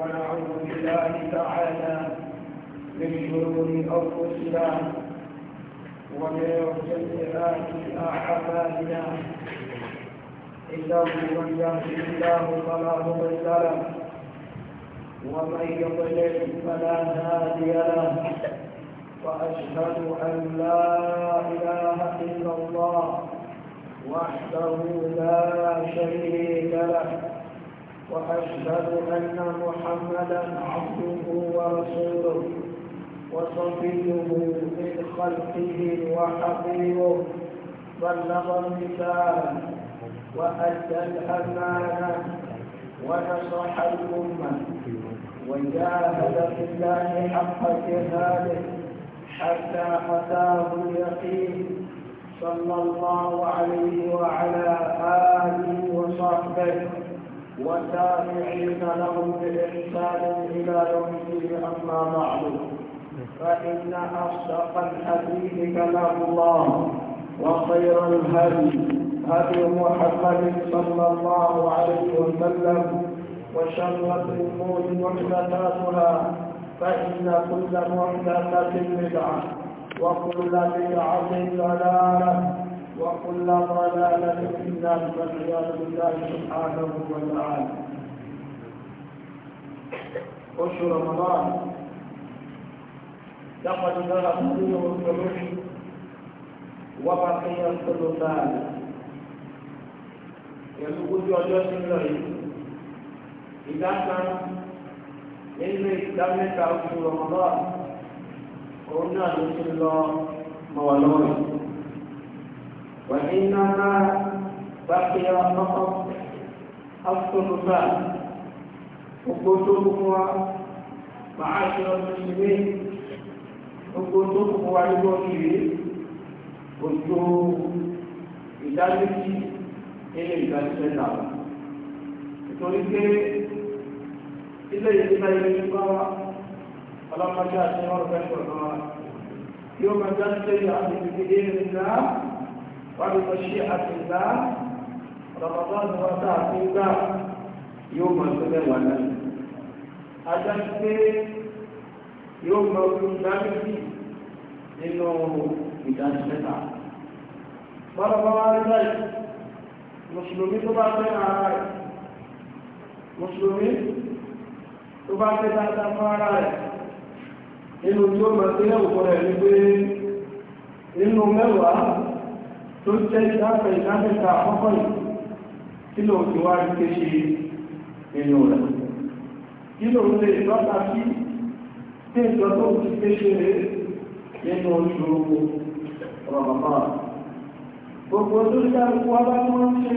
ونعوذ بالله تعالى من شرور أنفسنا ومن سيئات أعمالنا إنه من يهدي الله فلا مضل له ومن يضلل فلا هادي له وأشهد أن لا إله إلا الله وحده لا شريك له وأشهد أن محمدا عبده ورسوله وصفيه من خلقه وحبيبه بلغ الرسالة وأدى الأمانة ونصح الأمة وجاهد في الله حق جهاده حتى أتاه اليقين صلى الله عليه وعلى آله وصحبه والتابعين لهم بإحسان إلى يوم الدين أما بعد فإن أصدق الحديث كلام الله وخير الهدي هدي محمد صلى الله عليه وسلم وشر الأمور محدثاتها فإن كل محدثة بدعة وكل بدعة ضلالة وكل ضلالة في النار والعياذ بالله سبحانه وتعالى أشهر رمضان لقد ذهب فيه الثلث وبقي الثلثان يسقط ọjọ́ sí lọ yìí ìdá kan nínú ìdá mẹ́ta oṣù rọmọdọ́ọ̀ òun وإنما بقي فقط الثلثان وقلتكم معاشر المسلمين وقلتكم وعيبوني قلت ìdájọ́sí ilé ìdájọ́sẹ́ náà nítorí pé ilé ìdílé ilé ìgbà wa ọlọ́mọdé àti ọ̀rọ̀ fẹ́ sọ̀rọ̀ wa yóò máa dájú sẹ́yìn àti ìdílé ìdílé náà وبمشيئة الله رمضان وتعطينا يوم السنة والنبي أجلسي يوم النبي إنه ìdánilẹ́ta. Bọ́lọ̀bọ́lá rí láì, Mùsùlùmí tó bá fẹ́ ara rẹ̀, Mùsùlùmí tó bá fẹ́ dáadáa fún ara rẹ̀, inú tí ó mọ̀ sí ẹ̀wùkọ́ rẹ̀ ní pé inú mẹ́wàá tó jẹ́ ìdáfẹ́ ìdáfẹ́ta àkọ́kọ́ yìí kí ló ti wá rí kéṣe inú rẹ̀ kí ló lè lọ́ta sí tí ìjọ tó ti kéṣe rẹ̀ nínú oṣù rọ̀mọ̀mọ́ gbogbo tó dárúkú wá bá tí wọ́n ṣe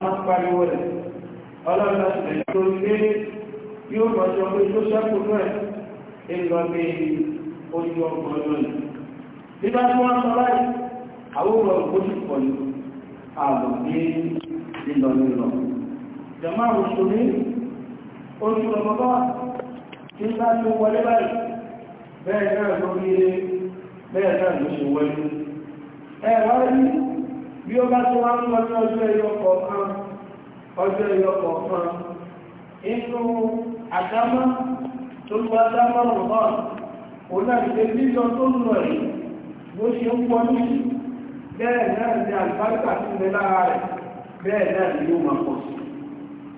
máa pariwo rẹ̀ ọlọ́run ti lè tó gbé yóò mọ̀jọ pé tó ṣẹ́kù rẹ̀ ń lọ bí ojú ọkọ̀ àwọn ọ̀rọ̀ ìgbóṣùpọ̀ ní ààbò ní lílọ nílọ jama òṣèré oṣù ọmọbá tí bá ní wọlé báyìí bẹ́ẹ̀ náà ló rí bẹ́ẹ̀ náà ló ṣe wọlé ẹ wá rí bí ó bá tó wá ń lọ ní ọjọ́ ẹyọ kọ̀ọ̀kan ọjọ́ ẹyọ kọ̀ọ̀kan inú àdámá tó lọ àdámá rọ̀bọ̀n òun náà ìgbé lílọ tó lọ yìí bó ṣe ń wọlé yìí bẹ́ẹ̀ náà ni àlùbáríkà ti ń bẹ lára rẹ̀ bẹ́ẹ̀ náà ni yóò máa pọ̀ sí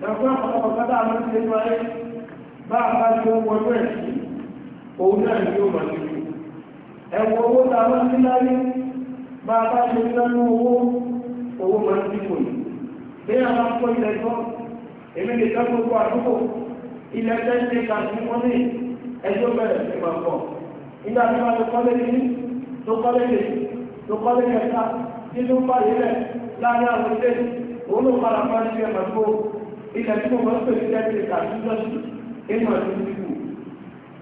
ẹgbẹ́ ọ̀pọ̀lọpọ̀ sádà ló ti lé wáyé bá a bá ti owó ọdún ẹ̀ sí òun náà ni yóò máa ti lù ẹ̀wọ̀ owó ta ló ti láyé bá a bá ti lọ́nú owó owó máa ti kò ní bí a máa ṣe ní ẹjọ́ bẹ̀rẹ̀ máa pọ̀ nígbà tí wọ́n ti kọ́lé ní tó kọ́lé lè ló kọ́ lé kẹta nínú báyìí rẹ̀ láàrin àwọn ilé òun ló padà pa ní ẹ̀mọ̀ tó ilẹ̀ tí mo máa ń pè ní ẹ̀kẹ́ tàbí lọ́sí nínú ẹ̀sìn ìdìbò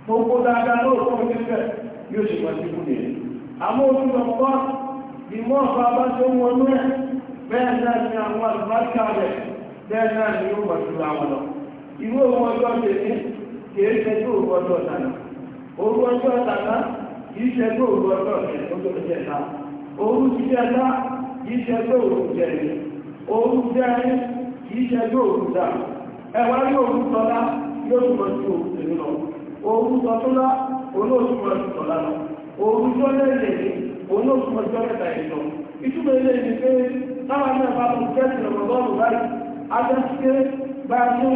tó kó dáadáa lóòótọ́ nífẹ̀ẹ́ yóò ṣe máa ti kú nìyẹn àmọ́ ojú lọ kọ́ ìmọ̀ ọ̀fà bá tó kìí ṣe tó ọjọ́ tàná òru ọjọ́ tàná kìí òun ti jẹ́ ẹ̀dá kìí ṣe ẹgbẹ́ òun jẹ́ ẹ̀yẹ òun jẹ́ ẹ̀yẹ kìí ṣe ẹgbẹ́ òun dà ẹwà ní òun tọ́lá yóò túnmọ̀ sí òun tèmi lọ òun tọ́tọ́lá olóòtúmọ̀ sí tọ́lá lọ òun tó lẹ́yẹ olóòtúmọ̀ sí ọ̀rẹ́ta ẹ̀ lọ ìtumọ̀ ilé ni pé táwọn náà bá mú kẹ́sì lọ́mọdọ́rù báyìí adásíké bá a ti ń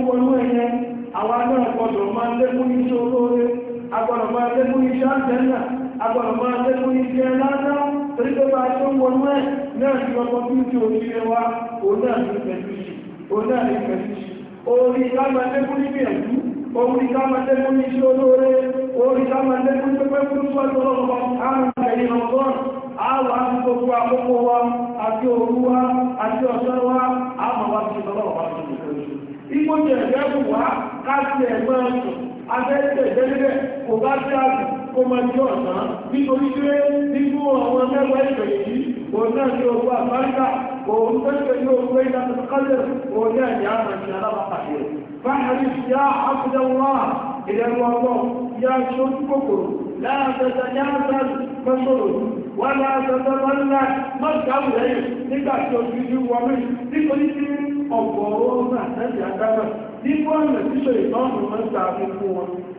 lékún iṣẹ́ olóore agbọdọ̀ náà torí pé bá ṣe ń wọnú ẹ̀ náà ní ọkọ̀ tí ó ti òṣèré wa òun náà ní ìfẹ̀síṣì òun náà ní ìfẹ̀síṣì orí lámàlẹ́kún níbi ẹ̀kú orí lámàlẹ́kún ní iṣẹ́ olóore orí lámàlẹ́kún tó pẹ́ fún sọ́tọ́lọ́pọ̀ àrùn ẹ̀yìn ọgbọ́n àwọn àgbogbo àkókò wa àti òru wa àti ọ̀sán wa àmàwà ti sọ́lọ́pọ̀ àti òṣèlú ìgbóhùn ẹ̀gbẹ́ wù wá ká ti ẹ̀gbọ́n ẹ̀sùn abẹ́ẹ̀tẹ̀ ìdẹ́lẹ́gbẹ̀ kó máa jọ ọ̀nà nítorí pé nínú àwọn mẹ́wàá ìfẹ̀ yìí òun náà ní ogun àbáríkà òun tẹ́lẹ̀ ní ogun ìdájọ́ kálẹ̀ òun náà ní àmà ní alábàpàdé fáhàrí ìyá àbúdáwà ìrẹ̀lú ọgbọ́n ìyá aṣọ kòkòrò láàbẹ̀tẹ̀ ní àbẹ̀rẹ̀ mẹ́sọ̀rọ̀ wọ́n láàbẹ̀tẹ̀ mọ́lá mọ́sàmù lẹ́yìn nígbà tí o ti wọ́n mi nítorí tí ọ̀pọ̀ ọ̀rọ̀ náà tẹ́lẹ̀ àdámà nígbà ọ̀nà tí ṣe ìtọ́nù mọ́sàmù fún wọn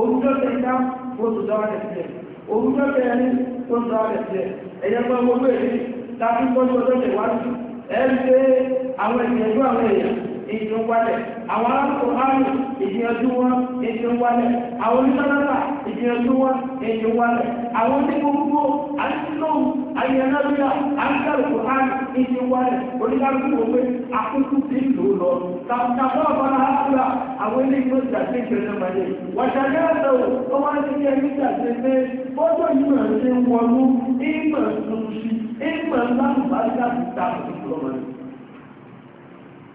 òwúrọ̀ kẹta oṣù dáwà kẹsẹ̀ òwúrọ̀ kẹrin oṣù dáwà kẹsẹ̀ ẹ̀yẹ pẹ́ gbogbo èyí láti gbọ́dọ̀ ọjọ́ tẹ̀wájú ẹ̀ ń gbé àwọn ìgbẹ̀jú àwọn èèyàn èyí ń wálẹ̀ àwọn arákùnrin márùn ìgbìyànjú wọn èyí ń wálẹ̀ àwọn onísọ́nàlà ìgbìyànjú wọn èyí ń wálẹ̀ àwọn onígbogbo àtìlóhùn ayẹnáwíà àńkàlùkù hàn èyí ń wálẹ̀ oníkàlùkù òwe àkókò tí ń lò lọ tàbí àwọn arákùnrin àwọn eléyìí ló dà sí ìṣẹ̀lẹ̀ mọ́lẹ̀ wàṣàlẹ̀ àtàwọ̀ ó wá ní kí ẹni dà sí pé bọ́dọ̀ yìí máa ń ṣe wọnú ìmọ̀ tuntun sí ìmọ̀ láǹbá láti ta àkókò lọ́mọdé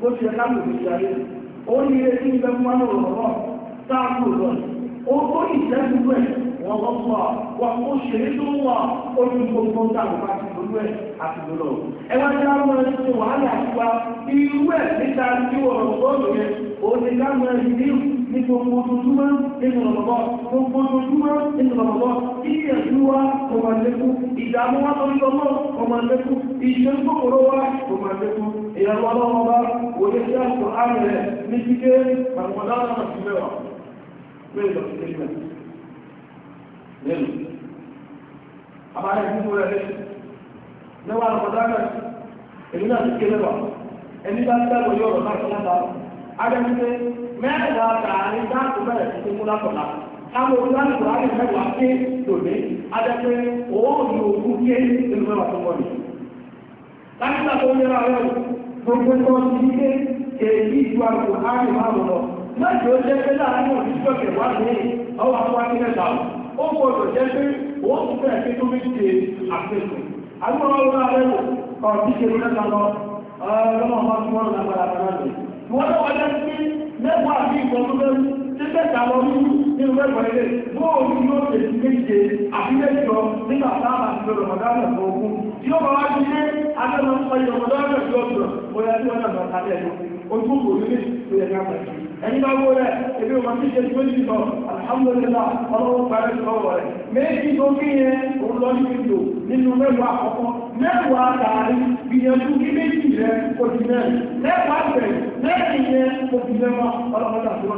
bó ṣe láàmù ní ìṣàlẹ̀ ó ní ilé tí ń bẹ fún wọn lọ́wọ́ náà sáàmù lọ ó tó ìṣẹ́gun rẹ̀ wọ́n lọ fún wa wọn ó ṣe é tó wà ó ní gbogbo dáàbò bá ti lórí ẹ̀ àti lọ́lọ́ ẹ wá ní àwọn ẹni tó wàhálà àtiwá irú ẹ̀ níta tí wọ́n lọ́wọ́ yẹn ó ní káwọn ẹni ní ní gbogbo ojoojúmọ́ nínú ọ̀pọ̀ gbogbo ojoojúmọ́ nínú ọ̀pọ̀ kí ẹ̀dúwà ọmọ ìdààmú wá lórí ọmọ ọmọ iṣẹ́ tó kòrò wá kò máa jẹ́kún ìyàwó ọlọ́wọ́ bá wòye sí àpò ààrẹ rẹ̀ ní kíké àpọ̀dára àti mẹ́wàá lórí lọ sí kéjìmẹ̀ lẹ́nu àbáyé gbogbo rẹ̀ lẹ́nu mẹ́wàá àpọ̀dára èmi náà ti ké mẹ́wàá ẹni bá ń dábò yọ ọ̀rọ̀ láti láta adẹ́gbẹ́ mẹ́wàá tààrí dáàbò bẹ̀rẹ̀ sí mú lápọ̀lá Àwọn olùdáàbò àrùn mẹ́wàá ké lòdì, mẹ́wàá tó wọ́n yìí lágbà tó ní rẹ̀ gbogbo tó ti ní pé èyí ìlú àgbò áàrùn máa lọ láti ó jẹ́ pé láàárín òṣìṣẹ́ kẹwà ní ọwọ́ àwọn akẹ́kẹ̀ẹ́ta ó gbọdọ̀ jẹ́ pé ó ti fẹ́ ẹ̀kẹ́ tó méjì ṣe àfẹ́sùn nígbẹ̀ta lọ ní nínú mẹ́fà ilé bóòlù yóò tẹ̀sí méje àbílẹ̀jọ nígbà táàbà ti bẹ̀rẹ̀ mọ̀dánà tó ogún tí ó bá wá sí ilé adẹ́mọ̀ ń pẹ̀lú mọ̀dánà tó ọ̀dọ̀ bóyá tí wọ́n náà tàbí ẹ̀yọ ojú kò ní ló yẹ ká pẹ̀lú ẹni bá wó rẹ̀ ebi ọmọ tí ṣe tó jùlọ alhamdulillah ọlọ́wọ́ parí lọ́wọ́ rẹ̀ méjì tó kí yẹn òun lọ ní ìlò nínú mẹ́wàá àkọ́kọ́ mẹ́wàá tààrí gbìyànjú kí méjì rẹ̀ kò jù mẹ́rin mẹ́wàá bẹ̀rẹ̀ mẹ́rin yẹn kò jù mẹ́wàá ọlọ́wọ́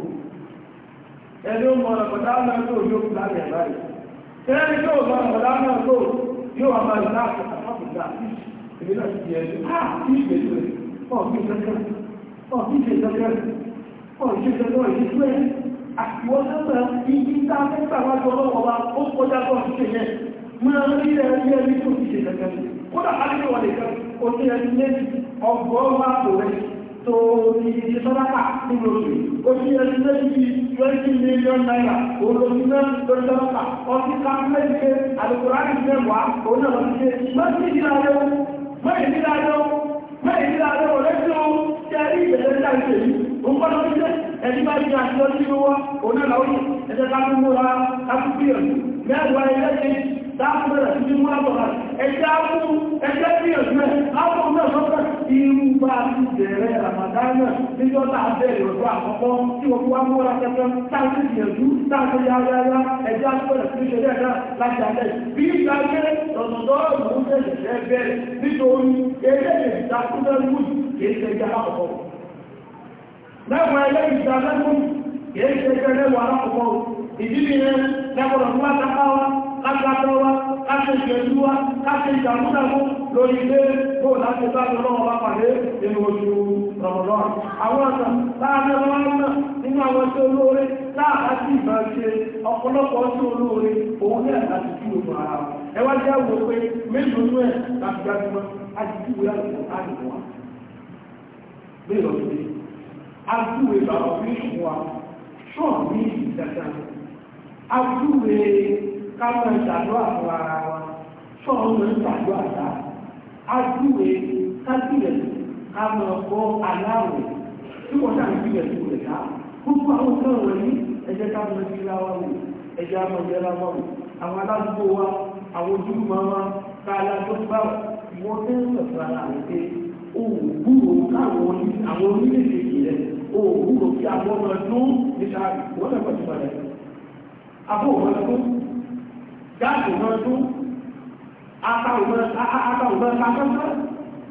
ẹni ó mọ̀ ọ̀nàkọ̀dá náà tó yóò fi láti àbáyé tẹ́lẹ̀ tó mọ̀ ọ̀nàkọ̀dá náà tó yóò àmà láti àpapọ̀dá ìbí náà ti ẹ̀jú ah kí ìgbè tó rẹ̀ ọ̀ kí ìgbẹ́kẹ́ ọ̀ kí ìgbẹ́kẹ́ ọ̀ kí ìgbẹ́kẹ́ ọ̀ kí ìgbẹ́kẹ́ àtiwọ́n náà ibi tá a fẹ́ gbàgbà tó lọ́wọ́ wa ó kọjá tó ń ṣe yẹn máa ń rí ẹ̀rí ẹ̀rí tó ti ṣe kẹ́kẹ́ kódà tó ní sọ́dápà nínú oṣù oṣù ẹni méjì twenty million naira olóṣù náà lórí sọ́dápà ọtí kápẹ́ẹ̀kì alukóraní mẹ́wàá òun náà lọ sí mẹ́tì ìdíláyọ̀ mẹ́tì ìdíláyọ̀ mẹ́tì ìdíláyọ̀ ọ̀lẹ́sìn ohun tí a rí ìbẹ̀rẹ̀ ní àìsè yìí òun kọ́ lọ́wọ́ iṣẹ́ ẹni bá yẹ àti lọ́sí owó òun náà lọ́wọ́ ẹ̀jẹ̀ káfí múra káfí bíyànjú mẹ́wàá ẹlẹ́sìn dáàbò bẹ̀rẹ̀ sí mímú àbọ̀ ẹ̀jẹ̀ á fún ẹ̀jẹ̀ bíyànjú mẹ́ irú bá ti bẹ̀rẹ̀ ramadana níjọ́ tá a bẹ̀rẹ̀ ọ̀dọ́ àkọ́kọ́ tí o wá múra kẹfẹ́ táàbí ìyẹ̀dú táàbí yáyáyá ẹ̀jẹ̀ àtúbọ̀lẹ̀ tí ó ṣe bẹ́ẹ̀ náà láti alẹ́ bí ìgbàgbé lọ́sọ̀dọ́ ìlú bẹ̀rẹ̀ bẹ̀rẹ̀ nítorí eléyìí ìdákúndé lù kìí ṣe ẹja àkọ́kọ́ lẹ́wọ̀n eléyìí ìdákúndé kìí ṣe ẹja lẹ́wọ̀n àkọ́kọ́ ìdílé yẹn lẹ́kọ̀ọ́ káṣe ìgbẹ̀lúwá káṣe ìdàmúdàmú lórí ilé kó láti bá lọ́wọ́ bá pàdé nínú oṣù rọ̀mọ̀lọ́wọ́ àwọn ọ̀nà láàárín ọmọ náà nínú àwọn tí olóore láàárín ìgbà ṣe ọ̀pọ̀lọpọ̀ ọdún olóore òun ní àtàkì sí òkú ara wọn ẹwà jẹ́ àwọn pé mélòó nú ẹ̀ láti gbájúmọ́ láti júwe àlùkò àlùkò wa bí ìrọ̀lẹ́ ajúwe bàbá fún ìṣùwà ṣọ́ọ̀ ní ìdàgbà ajúwe ká mọ̀ ìṣàdó àpò ara wa ṣọ́ọ̀ mọ̀ ìṣàdó àṣà ájúwe kájúwẹ̀ ká mọ̀ ọ̀pọ̀ aláwẹ̀ tí wọ́n ṣàń júwẹ̀ tó rẹ̀ ká gbogbo àwọn ọ̀sán rẹ̀ ní ẹ̀jẹ̀ ká mọ̀ ìṣẹ́ra wa wò ẹ̀jẹ̀ á mọ̀ ìṣẹ́ra wa wò àwọn aládùúgbò wa àwọn ojúmọ̀ wa ká aládùúgbò bá wọ́n tẹ́ sọ̀tọ̀ ara rẹ̀ pé òwúrò káwọn àwọn orílẹ̀-èdè rẹ̀ òwúrò kí àwọn ọmọ ọdún níta wọ́n lẹ́kọ̀ọ́ gáàsì máa dún akáwò máa ta kọ́kọ́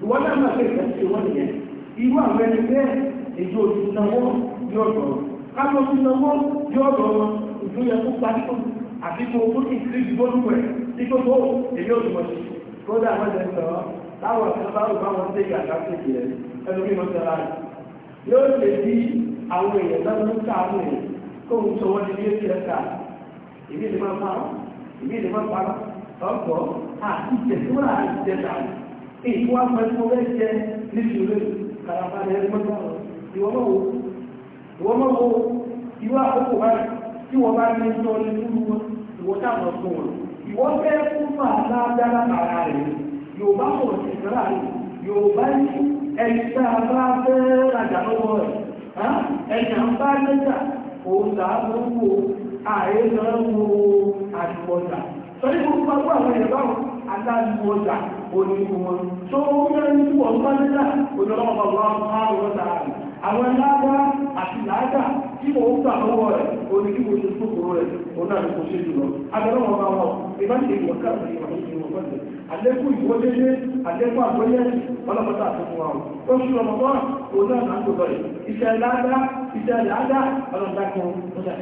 ìwọ́n náà máa fẹ́ ìfẹ́ sí wọn nìyẹn irú àwọn ẹni bẹ́ẹ̀ èyí ò ti sanwó yóò dọ̀rọ̀ káwọn ti sanwó yóò dọ̀rọ̀ ìjọ yẹ kó parí tó àti kó tó ti kiri ìdìbò lù rẹ̀ tí tó tó èyí ò ti mọ̀ sí kódà má jẹ́ sọ̀rọ̀ láwọn àtàlárò bá wọn dé yàrá kéèké rẹ̀ ẹnu bí wọ́n tẹ̀lá yóò ìbí ìdí máa parọ́ ọkọ̀ àti ìjẹ̀síwọ́n àti ìjẹta ní ìfún apẹ́sọ́ bẹ́ẹ̀ jẹ́ nítorí kàràbàlẹ̀ ẹgbẹ́ta ìwọ́mọ́wọ́ ìwọ́ àkókò báyìí tí wọ́n bá ní sọ ní fúrú wọn ìwọ́ táwọn fún wọn ìwọ́ fẹ́ fún máa lágbára ara rẹ̀ yóò bá wọ̀ sí ìsọ́ra rẹ̀ yóò bá ní ẹni tá a bá fẹ́ rajà àdúgbò ọjà torí gbogbo agbó àwọn ẹ̀rọ aláàdúgbò ọjà onígbò wọn tó wúlẹ̀ ní wọ́n bá nílà olùrànlọ́wọ́ àwọn ọjà rẹ̀ àwọn lágbá àti làágà tí mo ń gbà lọ́wọ́ rẹ̀ onígbò tó kúrò rẹ̀ oná ní kò ṣe jùlọ abẹ́rẹ́wọ̀n bá wọn ìbáṣe ìwọ̀n káàkiri ìwọ̀n ìwọ̀n àlékún ìwọlélé àlékún àgbóyẹ̀ ọlọ́pàá àtúnwò àwọn oṣù ọmọdé òun náà náà ń gbọ́dọ̀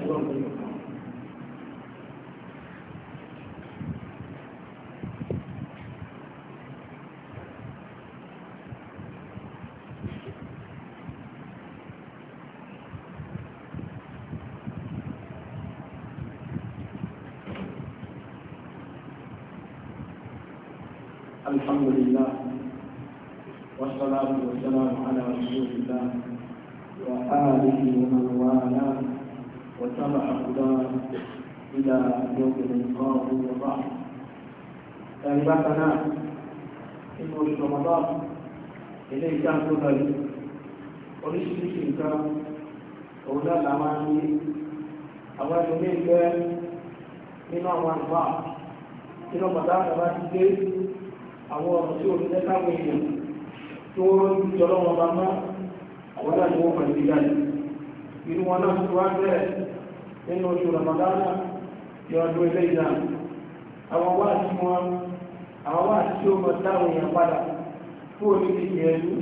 yìí الحمد لله والصلاة والسلام على رسول الله وآله ومن والاه وتبع هداه إلى يوم اللقاء وبعد عبادنا إنه رمضان إليه كان كل oríṣiríṣi nǹkan òun náà la máa ń yí àwọn ẹlòmíín bẹ́ẹ̀ nínú àwọn àgbà nínú pàtàkì àbá ti dé àwọn ọ̀rọ̀ tí òun tẹ́ sáwọn èèyàn tó ń jọ lọ́wọ́ bá mọ́ àwọn náà ni wọ́n pẹ̀lú ìdájọ́ inú wọn náà tó wá bẹ̀rẹ̀ nínú oṣù ramadana ní ọdún ilé ìdáná àwọn wá sí wọn àwọn wá sí ó mọ táwọn èèyàn padà fún òní ti yẹ ẹlú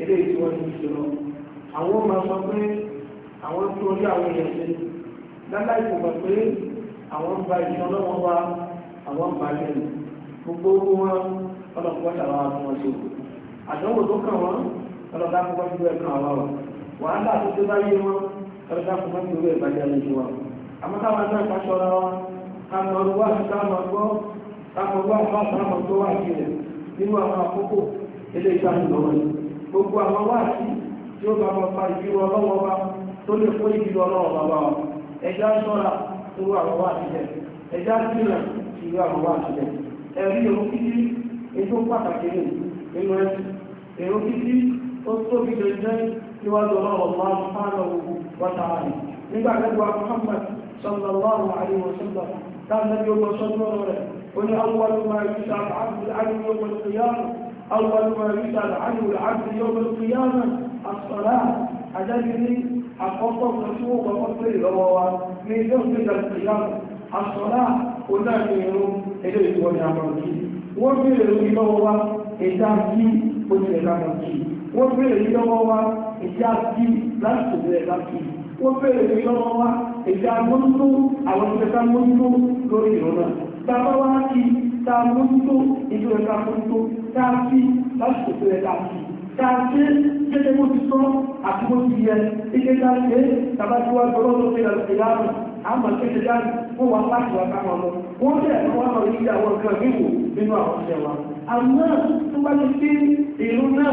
eléyìí tí wọ́n ti ṣe lọ àwọn ọmọ sọ pé àwọn tó orí àwọn èèyàn ṣe láláì kò pé àwọn ń ba ìṣọ́ lọ́wọ́ wa àwọn ń ba ilé gbogbo wọn ọlọ́pọ̀ tàwọn àtúnṣe àdánwò tó kàn wọ́n ọlọ́dá kọ́kọ́ sí ìwé kan àwọn ọ̀ wàhálà tó tó bá yé wọn ọlọ́dá kọ́kọ́ sí ìwé ìbàjẹ́ lójú wọn àmọ́ táwọn náà ká ṣọ́ra wọn káwọn ọdún wà sí táwọn gbọ́ káwọn ọdún wà sí táwọn tó wà sí rẹ̀ nínú àwọn àkókò ilé ìtàn lọ́wọ́ gbogbo àwọn wà sí tí ó bá wọn fa ìbírọ ọlọ́wọ́ bá tó lè kó ìbírọ ọlọ́wọ́ bá wà ẹ̀rí òun kíkí ètò pàtàkì ní inú ẹ̀sìn èrò títí ó tóbi lè jẹ́ níwájú ọlọ́run máa ń fara owó wọ́ta rẹ̀ nígbà lẹ́gbàá Muhammad sallallahu alaihi wa sallam dáadáa bí ó lọ sọ́dún ọ̀rọ̀ rẹ̀ ó ní awwal ma yus'al 'abdu al-'abdu yawm al-qiyamah awwal ma yus'al 'anhu al-'abdu yawm al-qiyamah as-salah àkọ́kọ́ kan tí wọ́n kọ́kọ́ pé ìlọ́wọ́ wa ní ilé òṣèlú al-qiyamah ó náà ní irun ilé ìwọ̀n ní àmọ́ òkìtì wọ́n bèèrè orí lọ́wọ́ wa ẹ̀dá sí oṣù sí wọ́n bèèrè orí lọ́wọ́ wa ẹ̀dá sí láti oṣù ẹ̀dá wọ́n bèèrè orí lọ́wọ́ wa ẹ̀dá mọ́tò àwọn oṣù mọ́tò lórí ìrọ̀lá tàbá wá sí tá mọ́tò ìjọ mọ́tò tá sí láti oṣù ẹ̀dá tá a gẹ́gẹ́ bó ti sọ àti bó ti yẹ ike tá a tàbá tí wá gbọ́dọ̀ àmọ̀ kéde dání wọ́n wá láti wá káwọn lọ wọ́n bẹ̀rẹ̀ fún wọn lọ yíyá àwọn nǹkan mímú nínú àwọn ọ̀sẹ̀ wa àmọ́ tó bá ti sí ìlú náà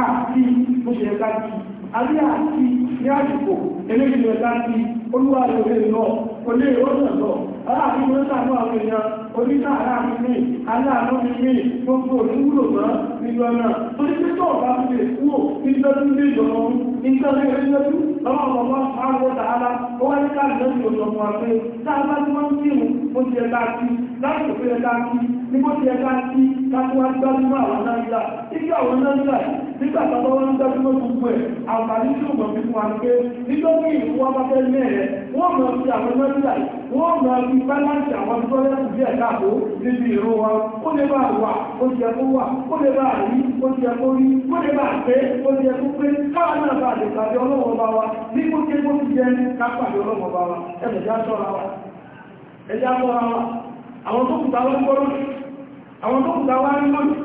àti bó ṣe ká kí alẹ́ àti ní àsìkò eléyìí ló ká kí olúwa lóore náà olè ìrọ́sàn náà aláàbí ló sàánú àwọn èèyàn oníṣàárá mímí aláàánú mímí gbogbo òníwúlò mọ́ níjọ náà tó ní pípọ̀ bá fi lè kúrò níjọ́jú lè jọmọ níjọ́jú oríjọ́jú lọ́wọ́ ọmọ àwọn tààlà ó wáyé káàdì lọ́sí òṣọ̀mọ̀ àpẹ tá a bá tí wọ́n ń kírun ó ti ẹ̀ka kí láti òfin ẹ̀ka kí ní bó ti ẹ̀ka sí kákúwá gbájúmọ́ àwọn náírà ibi àwọn náírà nígbà tàbí wọn gbájúmọ́ gbogbo ẹ̀ àǹfààní tí òmò fi fún wa pé nítorí ìwọ́n bá fẹ́ ní ẹ̀rẹ́ wọ́n mọ̀ sí àwọn náírà wọ́n mọ̀ sí báláǹsì àwọn tọ́lẹ́sì bí ẹ̀ka àbò níbi ìró wa ó lè bá wà ó ti ẹ̀kọ́ wà ó lè bá rí ó ti ẹ̀kọ́ rí ó lè bá pé ó ti ẹ̀kọ́ pé káwọn náà bá lè pàdé ọlọ́wọ́ bá wa ní kó ké kó ti jẹ́ ká pàdé ọlọ́wọ́ bá wa ẹ̀jẹ̀ já sọ́ra wa ẹ̀jẹ̀ á sọ́ra wa àwọn tó kùtà wọn gbọ́rọ̀ àwọn tó ń ta wá rí lónìí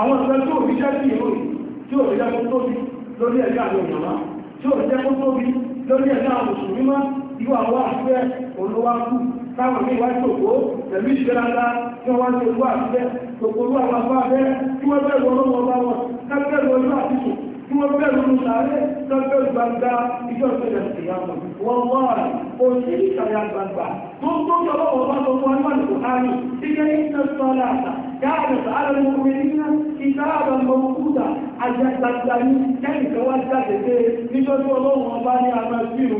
àwọn ìṣẹ́ tí ò fi jẹ́ sí ìròyìn tí ò fi jẹ́ kó tóbi lórí ẹ̀dá àwọn ìyàmá tí ò fi jẹ́ kó tóbi lórí ẹ̀dá àwọn òṣùnmí mọ́ irú àwọn àṣẹ olówákú táwọn ní ìwájú òkó pẹ̀lú ìṣẹ́láńlá tí wọ́n wá ní owó àṣẹ gbogbo àwọn afáfẹ́ tí wọ́n bẹ̀rù ọlọ́wọ́ bá wọn kápẹ́rù ọlọ́ àti sùn tí wọ́n bẹ̀rù ní sáré lọ́gbẹ̀rù gbangba ìjọ ìṣẹ̀lẹ̀ ìyàwó wọn wọ́n rà òṣè ìṣàyà gbangba tó tó tọ́lọ́ wọn bá tó wọn máa tó há ní ìjẹ́ ìṣẹ́ sọ́lá àtà káàdì sàárẹ̀ ní omi nígbà ìta àbá mọ̀kúta àjẹ́ gbangba ní kẹ́yìn tó wá jáde pé níjọ́ tí ọlọ́run bá ní àmà sírù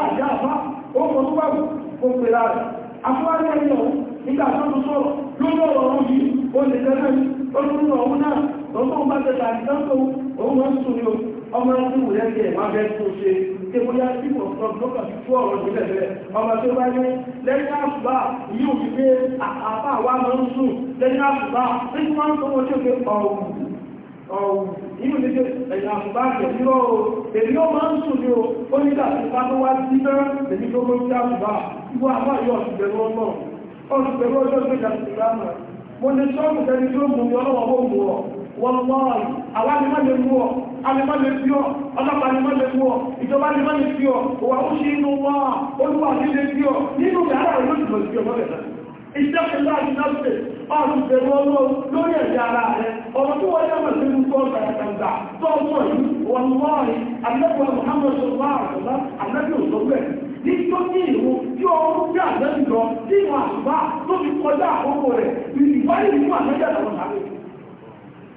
àjá àbá ó kọ́ tó wà kó pè lára afúwárí ẹ̀yọ̀ nígbà tó tó sọ lórí ọ̀rọ̀ yìí ó lè tẹ́lẹ̀ olúrú ọ̀hún náà lọ́gbọ́n bá tẹ́lẹ̀ àdìsáńtò òun wọ́n sùn ní ọmọ ẹni wù rẹ̀ jẹ́ bẹ́ẹ̀ tó ṣe tí kò sọ sí fún inú ní pé ẹ̀yà àṣùgbà àjẹ̀síwọ́ o èmi ó máa ń sùn ní o ó ní láti bá tó wá sí náà èmi tó mọ́ sí àṣùgbà ìwọ àbá yóò ṣùgbẹ̀rù ọmọ ọṣùgbẹ̀rù ọjọ́ tó jà sí ìlànà mo ní sọ́ọ̀mù tẹni tó mú mi ọlọ́wọ́ ó mú ọ wọ́n mọ́ ọ̀rọ̀ àwa ni má lè mú ọ alẹ́mọ́ lè fi ọ ọlọ́pàá ni má lè mú ọ ìjọba ni má lè fi ọ òwà ó ṣe inú wọn olúwa ni lè fi ọ nínú yàrá rẹ ló ti lọ sí ọmọ rẹ náà ìjọba ìlú àti náà ṣe ọ̀rùn ìbẹ̀rù ọlọ́run lórí ẹ̀yà ara rẹ ọ̀rọ̀ tó wọ tọ́wọ́ yìí wọn lọ́ọ̀rì alẹ́kọ̀ọ́ muhammed sọ̀rọ̀ àrùbá alẹ́kọ̀ọ́ òṣòwẹ̀ ní tó ní ìwò tí ọrún jẹ́ àlẹ́ jùlọ tí ìwọ̀n àṣùbá tó fi kọjá àkókò rẹ̀ ìwáyé ìwọ̀n àlẹ́jẹ̀ lọ́wọ́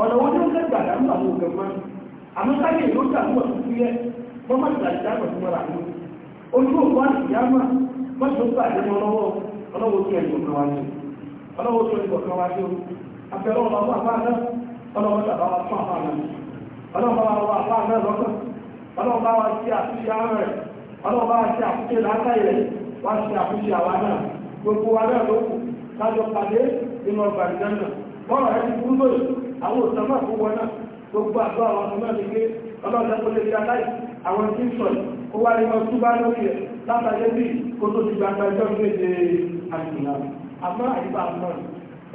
ọ̀nà wo ni ó fẹ́ gbà dàrú àwọn òkè mọ́ àmọ́ sáyé ìlú dàrú ọ̀tún sí yẹ wọ́n má gbà dàrú ma mọ́ra ní ojú òkú àtìyá mà má tó gbà dé wọn lọ́wọ́ ọlọ́wọ́ tó ẹ̀yọ̀ kan tó wa wa àwọn òsànmọ́ fún wọn náà gbogbo àgbà àwọn ọmọ náà ni pé ọlọ́ọ̀dẹ́ kò lè fi aláì àwọn tí ń sọ kó wá lè ọtún bá lórí ẹ̀ látàlẹ́ bí kó tó ti gbàgbà ẹjọ́ méje àgbìyà àmọ́ àyíká àmọ́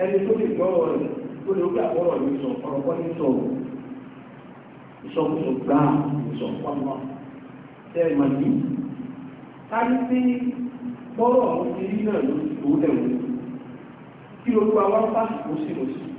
ẹni tó lè gbọ́ ọ̀rọ̀ rẹ̀ tó lè gbà ọ̀rọ̀ rẹ̀ sọ ọ̀rọ̀ kọ́ ní sọ ìsọkúsọ gbà ìsọkúsọ tẹ́ ẹ̀ máa yìí ká ní sí bọ́rọ̀ ọ̀hún ti rí náà lórí ìgbòho lẹ́wọ̀n kí olúwa wá fásitì ó sì lọ sí i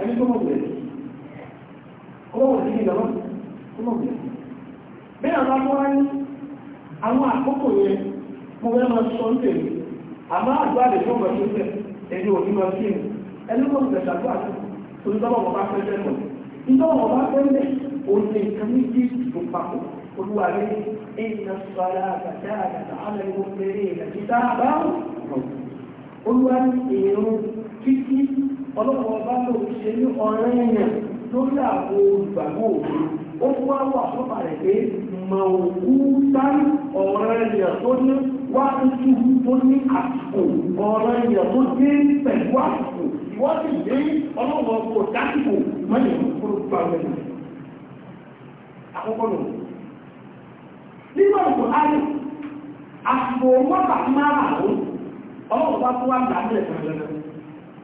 ẹni tó mọ̀ bẹ̀rẹ̀ ọwọ́ wọ̀ sí ìlọ́wọ́ tó mọ̀ bẹ̀rẹ̀ bẹ́ẹ̀ àwọn akọ́wá ní àwọn àkókò yẹn mo fẹ́ máa sọ ń tèmi àmọ́ àgbà lè tó mọ̀ sí ìfẹ́ ẹni òní máa sí ẹni ẹni mọ̀ bẹ̀rẹ̀ ṣàdúrà tó ní tọ́wọ́ wọn bá fẹ́ fẹ́ mọ̀ nítorí wọn bá fẹ́ mẹ́ òun lè kan ní bí ìdùn ọlọ́pọ̀ ọba ló ṣe ní ọ̀rẹ́ èèyàn lórí àbò olùgbàgbọ́ òkú ó fún wá wà sọ́pà rẹ̀ pé mọ̀ òkú sáré ọ̀rẹ́ èèyàn tó ní wá ojú tó ní àsìkò ọ̀rẹ́ èèyàn tó dé pẹ̀lú àsìkò ìwọ́sì dé ọlọ́pọ̀ kò dásìkò mọ́lẹ̀ kúrò gbàgbẹ́ àkọ́kọ́ nù ayé àsìkò wọ́n máa rà ó ọlọ́pọ̀ bá tó wá gbà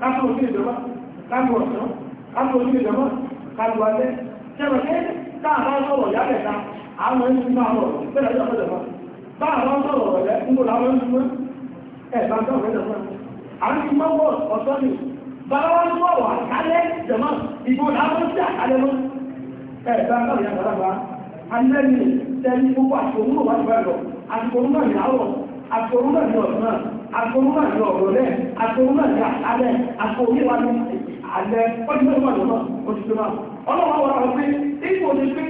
kánú ojú ìjọba kánú ọ̀sán kánú ojú ìjọba kánú alẹ́ ṣẹlẹ̀ pé táàbá sọ̀rọ̀ yálẹ̀ta àwọn ẹni máa rọ̀ bẹ́ẹ̀ lọ́jọ́ ọ̀pẹ́jọba báàbá sọ̀rọ̀ rẹ̀ ń bò láwọn ẹni mọ́ ẹ̀ bá ń tọ́ ọ̀pẹ́jọba àti mọ́wọ́ ọ̀sán ni bàbá wọn ń wọ̀wọ̀ àkálẹ̀ jẹ̀mọ́ ìbò láwọn sí àkálẹ̀ mọ́ ẹ̀ bá ń tọ́ ìyàgbàlagbà alẹ́ ni tẹ́lí gbogbo àti òun náà àtòrúmọ̀ ní ọ̀rọ̀ lẹ́ àtòrúmọ̀ ní alẹ́ àtòríwá ní alẹ́ ọdún mẹ́wàá lọ́nà oṣù máa ọlọ́wọ́ wọ́n rọ̀ pé ipò ní pé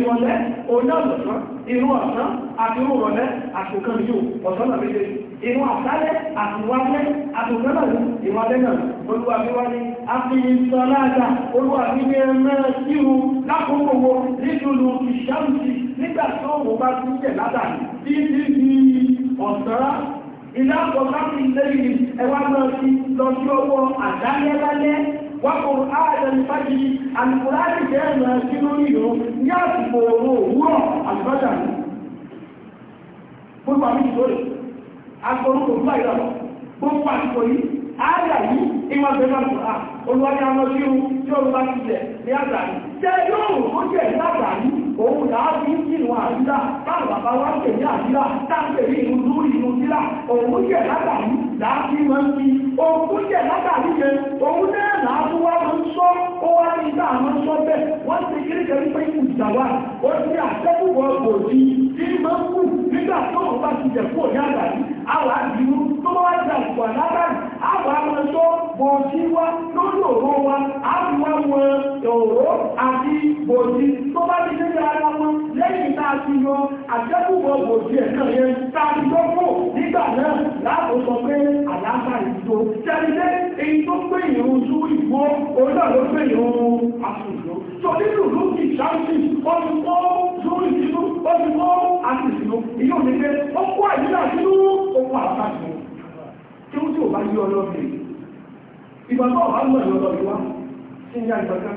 ìrọ̀lẹ́ onáàlọ́sán inú ọ̀sán àti inú rọ̀lẹ́ àtòkan yóò ọ̀sán náà méjèèjì inú àtálẹ́ àtiwálẹ́ àtòkan náà ní ìwálẹ́ náà olúwàbíwálé àfihìsọ́láàdà olúwàbíwé mẹ́rẹ̀ síru lákòókòwò nítorí ìṣàmùsì nígbà tó wọ́n bá tún jẹ̀ látàrí títí di ọ̀sán ìlà ọ̀gá mi lẹ́yìn ẹwà lọ sí lọ sí ọwọ́ àdáyẹ́lálẹ́ wákòó ààrẹ fájì àlùkùránì jẹ́ ẹ̀nà sí lórí ìlú ní àsìkò òru òwúrọ̀ àlùbọ́jà ní gbogbo àmì ìṣòro agbórúkọ fún àìlọ́ gbogbo àsìkò yìí ààrẹ yìí ìwà bẹ̀rẹ̀ àlùkùrá olùwárí àwọn sí ohun tí olùbá ti jẹ ní àgbà yìí jẹ́ yóò ó jẹ́ ìlàgbà yìí òun làá fi ń jìnà àdúrà táwọn bàbá wá ń pèlú àdúrà táwọn pèlú ìlú lórí ìlú sílá òun jẹ́ látàrí làá fi mọ́ sí òun jẹ́ látàrí yẹn òun náà làá fún wá mọ́ sọ ó wá ní ìta àmọ́ sọ bẹ́ẹ̀ wọ́n ti kiri kẹrí pé ikú ìjàwá ó ti àtẹ́kùwọ̀ òdì tí mọ́ kù nígbà tó wọ́n bá ti jẹ̀kú òní àgbàdì àwọn àdìrú tó wá jà pọ̀ lábàrì àwọn àmọ́ sọ bọ̀ sí wa lórí òró wa á wọn òró àti bòjì tó bá ti dé ara wọn lẹ́yìn tá a ti yọ àjẹkùwọ̀ bòjì ẹ̀kan yẹn tá a ti gbọ́kọ̀ nígbà náà láàbò sọ pé àlàáfà ìdúró jẹ́rìndé èyí tó pé ìrún sú ìgbó òun náà ló pé ìrún àtúndó tó nínú ìlú ti ṣáàṣì ó ti kọ́ lórí ìdínú ó ti kọ́ àti ìdínú ìyóò ní pé ó kó àyíká sínú oko àtàkùn tí ó tí ò bá yí ọlọ́ọ̀bì ìgbà náà bá ń lọ ìlọ́lọ́ ìwá sí ní àgbàkan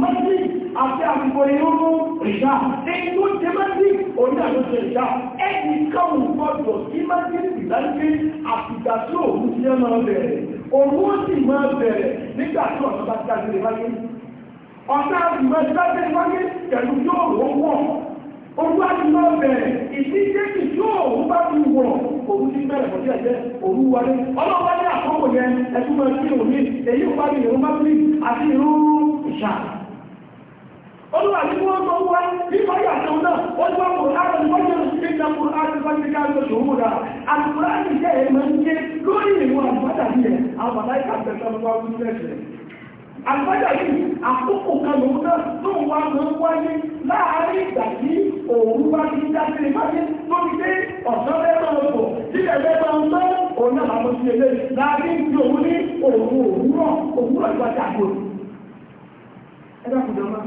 mọ́sí àti àsìkò ìrúnú ìṣá èyí tó jẹ mọ́sí orí àjọṣe ìṣá ẹni káwọn gbọdọ̀ sí mọ́sí ìdájẹ́ àtìgbà tí òun ti ẹ máa bẹ̀rẹ̀ òun ó sì máa bẹ̀rẹ̀ nígbà tí ọ̀sán bá jáde wáyé ọ̀sán àti máa jáde wáyé pẹ̀lú yóò wọ́ Olú àti máa bẹ̀rẹ̀ ìdíje tí yóò òun bá ti wọ̀ òun ti bẹ̀rẹ̀ pọ̀ sí ẹ̀jẹ̀ òun wọlé. Ọlọ́pàá ní àkókò yẹn ẹ̀túnmọ̀ sí òní èyí ò bá ní ìrún bá olúwa ní kí wọ́n tó wá ní ìfọ́yà tó náà ó tó wọ́n láti wọ́jọ́ ìgbà kúrò láti wọ́jọ́ ìgbà tó ṣòwò múra àtùkúrá ti jẹ́ ẹ̀mọ́ ń jẹ́ lórí ìlú àgbàdà yìí àwọn bàbá ìkàgbẹ̀ta lọ́wọ́ àgbàdà yìí àkókò kan lòun náà tó wà ló wáyé láàárín ìgbà tí òun wá ní dákìrì wáyé lórí pé ọ̀sán lẹ́gbà ọkọ̀ sílẹ̀ lẹ́gbà ọmọ òun náà bàbá sí ilé láàárín ìgbà òun ní òun òwúrọ̀ òwúrọ̀ ìgbà tí àgbò ẹgbẹ́ kùdọ̀ máa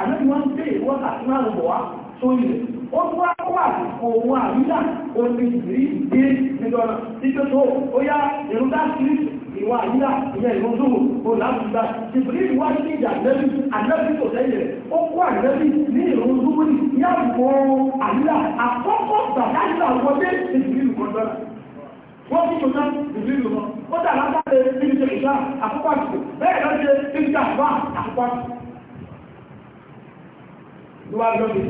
àbẹ́bí wọ́n ń pè wọ́n àti máa ń bọ̀ wá sórí rẹ̀ ó tún wá wà òun àríyá omi ìrírí dé nígbọ́nà títí tó ó yá ìrún dá sí ìwà àríyá ìyẹn ìrún tó o láti gbà ìbílí ìwà sí ìjà lẹ́bí àlẹ́bí tó lẹ́yìn rẹ̀ ó kó àlẹ́bí ní ìrún tó wọ́n ní àgbò àríyá àkọ́kọ́ gbàdá ìlà wọlé ìbílí ìkọjọ́ wọ́n fi tòun náà ìbílí ìrún ó dà látàlẹ́ ìbílí ìṣẹ̀lẹ̀ àkọ́kọ́ àtìkò bẹ́ẹ̀ lọ́jẹ́ ìbílí àkọ́kọ́ àtìkò ló wá lọ́dẹ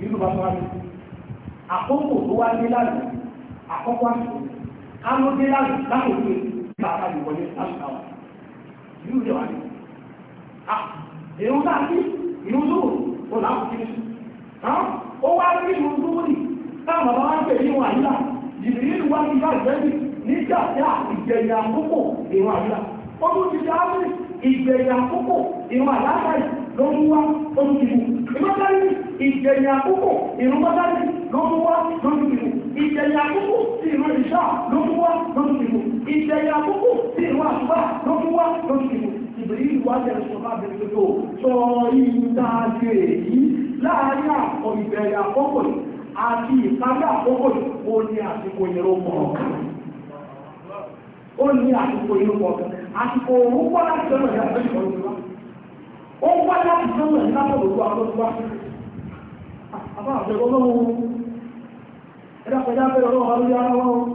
nínú bá wá lọ àkókò tó wá dé lánàá àkọ́kọ́ àsìkò kánú dé lánàá láwọn òkè nígbà tá a lè wọlé láti náà yóò dé wá ní. èrò náà sí ìlú sòwò tó láwọn kiri ó wá rí ìlú sòwò ní táwọn bàbá wá ń pè ní wọn àyílà ìbìrìlù wá ní bá ìgbẹ́bí nígbà tí a ìgbẹ̀yìn àkókò ìrún àyílà ó tún ti di áfíríkì ìgbẹ̀yìn àkókò ìrún àyílà ló mú wá ló ti dìbò ìmọ̀tálí ìjẹ̀yìn àkókò ìrún mọ́tálí ló mú wá ló ti dìbò ìjẹ̀yìn àkókò sí ìrún ìṣá ló mú wá ló ti dìbò ìjẹ̀yìn àkókò sí ìrún àṣùbà ló mú wá ló ti dìbò ìbèrè ìwádìí ẹ̀sùn bá bẹ̀rẹ̀ tó sọ ìdájẹ́ èyí láàárín àpọ̀ ìbẹ̀rẹ̀ àkókò àti ìparí àkókò ó ní àsìkò ìrún kọ̀ọ̀kan ó ní àsìkò ìrún kọ̀ọ̀kan àsìkò òun pọ̀ láti sọ́nà ìyàtọ̀ ó wá láti sánmà ní lápọ̀lù tó àtọ́júwá àbá àfẹ́gbọ́n lọ́wọ́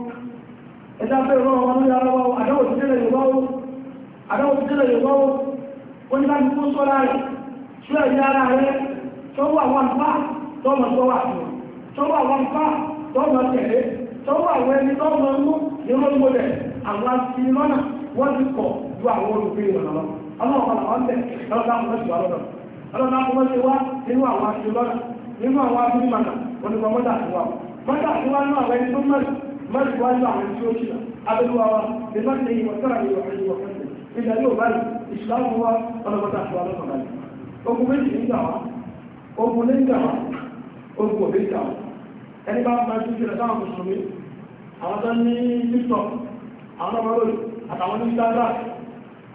tọ́wọ́ àwọn àpá tọ́mọ̀ tọ́wọ́ àti tọ́wọ́ àwọn àpá tọ́mọ̀ tẹ̀lé tọ́wọ́ àwọn ẹni tọ́mọ̀ mú ní ọlọ́gbọ́dẹ̀ àwọn asinilọ́nà wọ́n ti kọ̀ ju àwọn olùgbé ìrànlọ́wọ́ ọlọ́run ọ̀nà wọn bẹ̀ lọ́dọ̀ àwọn mẹ́sì wà lọ́dọ̀ ọlọ́run àwọn mẹ́sì wá nínú àwọn aṣọ lọ́nà nínú àwọn abúlé mànà onígbà mọ́tà àti wà mọ́tà àti wà nínú àwọn ẹni tó mẹ́sì mẹ́sì wá nínú àwọn ẹni tó ṣìlá abẹ́lúwa wa lè má ṣe ìwọ̀ sára ìwọ̀ ẹni wọ̀ fẹ́sẹ̀ ìjà yóò báyìí ìṣìláàmù wa ọlọ́run mọ́tà àti wà lọ́dọ̀ báyìí ogun méjì ń gbà wá ogun ní ń gbà wá ogun òbí gbà wá ẹni bá máa tún ṣẹlẹ̀ sáwọn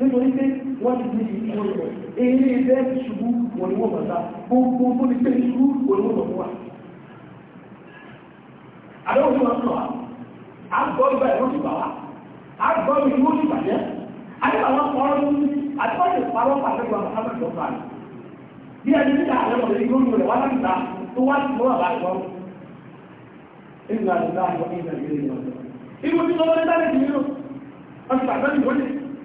nítorí pé wọ́n ti di ìwọ ìwọ̀ eré ẹgbẹ́ ìṣubú wọ̀ ni wọ́n mọ̀ sá gbogbo tó ti pé ìṣubú wọ̀ ni wọ́n mọ̀ fún wa. àdéhùn tí wọ́n ń lọ à ń gbọ́ ìgbà ìwọ́n ti bà wá à ń gbọ́ ìwọ́n ti bàjẹ́ àyẹ̀wò àwọn ọ̀rọ̀ ló ní àtúwájú ìparọ́ pàtẹ́gbà mohammed ọ̀fà rẹ̀ bí ẹni tí ká àlẹ́ ọ̀rẹ́ ìlú rẹ̀ wá láti ta tó wá sí mọ́ àbá ìgbọ́ ìgbà ìgbà ìgbà ìgbà ìgbà ìgbà ìgbà ìgbà ìgbà ìgbà ìgbà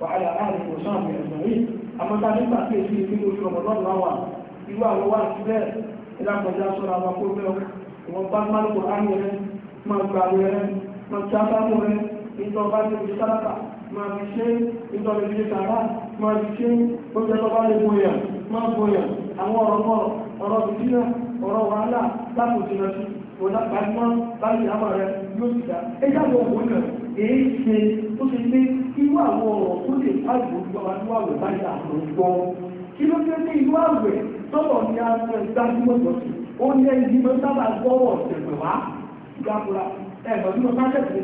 wàhálà láàrin kò sáà bẹ̀rẹ̀ sọ̀rí àmọ́ta nígbà tí èsì ìpín oṣù ọmọdọ́nù àwà irú àwọn wà sílẹ̀ ìlàkọjá sọ́ra wa kó bẹ́ọ̀ ìwọ̀n bá máa ń kó áyẹ rẹ máa gbà rẹ máa tí a bá mú rẹ nítorí bá ti fi sálákà máa fi ṣe nítorí fi sàrà máa fi ṣe oúnjẹ tó bá lè bóyà máa bóyà àwọn ọ̀rọ̀ mọ̀rọ̀ ọ̀rọ̀ bìtínà ọ̀rọ̀ wàhálà lápò jìnà sí ọ̀nà gbajúmọ̀ báyìí àmọ̀ rẹ irú àwọn ọ̀rọ̀ tó lè ká ìgbòho báyìí àwọn gbọ́ kí ló dé ní inú àwẹ̀ tọ́lọ̀ ní aṣọ ìdájúmọ̀ lọ́sùn ó ní ẹni tí mo sábà gbọ́wọ́ ọ̀sẹ̀gbẹ̀ wá gbàgbọ́ra ẹ̀gbọ́n tí mo ká tẹ̀sí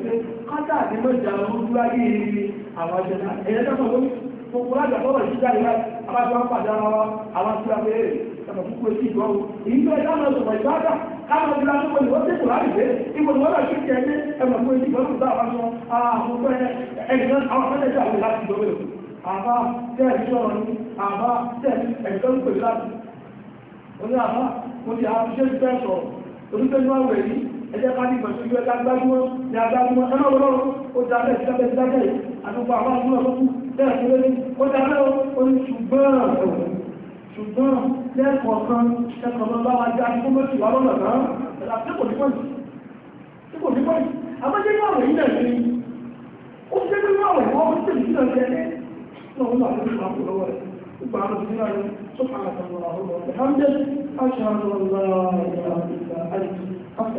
pé gbogbo lájà tọ́lọ̀ yìí jáde láì abájọ́ ń pàdé ara wa àwọn tí a fẹ́ rè ẹ̀mọ̀ kúkú etí ìgbọ́ o èyí tó ẹ̀dá náà sọ̀rọ̀ ìbáàdà káàmọ̀ bí lásìkò ni wọ́n tẹ̀kù láì dé ipò ni wọ́n lọ sí ti ẹgbẹ́ ẹ̀mọ̀ kúkú etí ìgbọ́ tó àwọn sọ àwọn fẹ́ ẹ̀yìn àwọn fẹ́ lẹ́jà wò láti ìgbọ́ wẹ̀lẹ̀ àbá tẹ́ẹ̀sì sọ̀rọ̀ ni àbá tẹ́ẹ̀sì ẹ̀kọ́ ń pè láti oní àbá ẹjẹ́ ká ní ìgbẹ̀sọ́ ìgbẹ́ lágbájúmọ́ ní agbájúmọ́ ẹ̀rọ ọlọ́run ó ti abẹ́ ìdájẹ́ ìdájẹ́ àtúgbò àwọn àdúrà tó kù bẹ́ẹ̀ ló ní ó dáná ó ní ṣùgbọ́n ṣùgbọ́n lẹ́ẹ̀kọ̀ọ̀kan lẹ́ẹ̀kọ̀ọ̀kan bá wa já kó mọ́tì wá lọ́nà náà ẹ̀là tí kò ní pọ́ǹtì tí kò ní pọ́ǹtì àmọ́jẹ́ ní àwẹ̀ yìí náà ṣe ó ṣe ní àwẹ̀ wọ́n ó ṣe ìṣúná ṣe ẹ́ náà ó máa fi máa kó lọ́wọ́ rẹ̀ gbogbo àwọn òṣìṣẹ́ náà ló tó pa àtàwọn àwọn ọmọ ọ̀sẹ̀ hàn jẹ́ àṣà àwọn ọmọ ìgbà ìgbà àìsí àṣà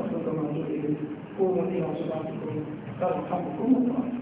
àwọn ọmọ ìgbà